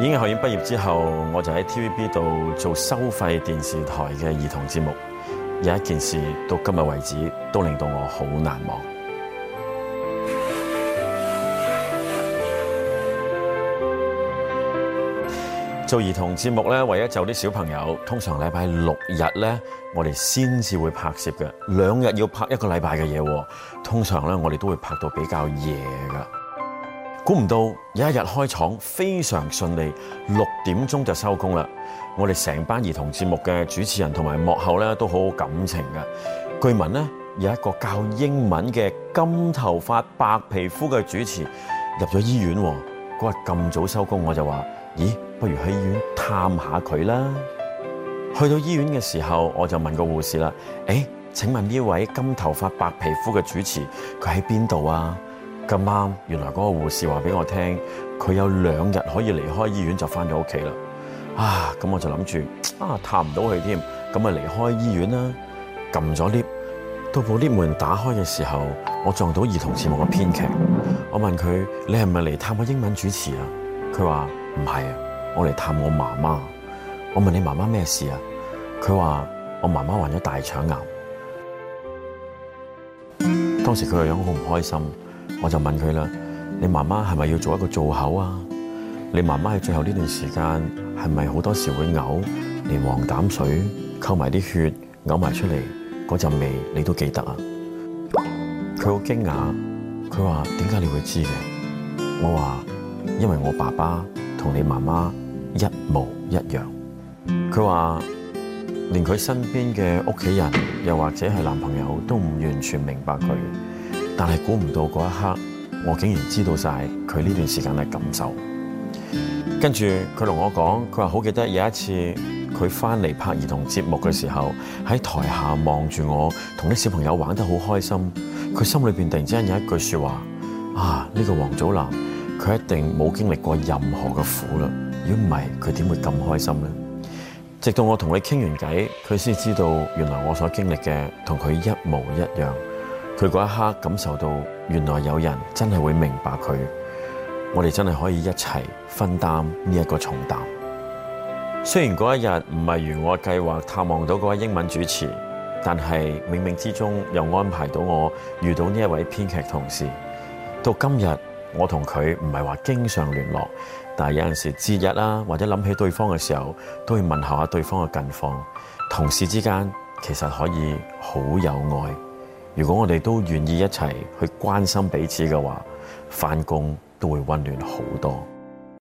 演藝學院畢業之後，我就喺 TVB 度做收費電視台嘅兒童節目。有一件事到今日為止，都令到我好難忘。 做兒童節目咧，唯一就啲小朋友，通常禮拜六日咧，我哋先至會拍攝嘅。兩日要拍一個禮拜嘅嘢，通常咧，我哋都會拍到比較夜噶。估唔到有一日開廠非常順利，六點鐘就收工啦。我哋成班兒童節目嘅主持人同埋幕後咧都好有感情㗎。據聞呢，有一個教英文嘅金頭髮白皮膚嘅主持入咗醫院。嗰日咁早收工，我就話：「咦，不如去醫院探下佢啦。去到醫院嘅時候，我就問個護士啦：「誒，請問呢位金頭髮白皮膚嘅主持佢喺邊度啊？咁啱，原來嗰個護士話俾我聽，佢有兩日可以離開醫院就翻咗屋企啦。啊，咁我就諗住啊，探唔到佢添，咁咪離開醫院啦。撳咗 lift，到部 lift 門打開嘅時候，我撞到兒童節目嘅編劇。我問佢：你係咪嚟探我英文主持啊？佢話：唔係，我嚟探我媽媽。我問你媽媽咩事啊？佢話：我媽媽患咗大腸癌。當時佢個樣好唔開心。我就問佢啦：你媽媽係咪要做一個造口啊？你媽媽喺最後呢段時間係咪好多時會嘔，連黃膽水溝埋啲血嘔埋出嚟嗰陣味你都記得啊？佢好驚訝，佢話，點解你會知嘅？我話因為我爸爸同你媽媽一模一樣。佢話連佢身邊嘅屋企人，又或者係男朋友，都唔完全明白佢。但係估唔到嗰一刻，我竟然知道晒佢呢段時間嘅感受。跟住佢同我講，佢話好記得有一次佢翻嚟拍兒童節目嘅時候，喺台下望住我同啲小朋友玩得好開心。佢心裏邊突然之間有一句說話：啊，呢、這個王祖藍，佢一定冇經歷過任何嘅苦啦。如果唔係，佢點會咁開心呢？直到我同你傾完偈，佢先知道原來我所經歷嘅同佢一模一樣。佢嗰一刻感受到，原來有人真係會明白佢，我哋真係可以一齊分擔呢一個重擔。雖然嗰一日唔係如我計劃探望到嗰位英文主持，但係冥冥之中又安排到我遇到呢一位編劇同事。到今日，我同佢唔係話經常聯絡，但係有陣時節日啦，或者諗起對方嘅時候，都會問候下對方嘅近況。同事之間其實可以好有愛。如果我哋都願意一齊去關心彼此嘅話，返工都會溫暖好多。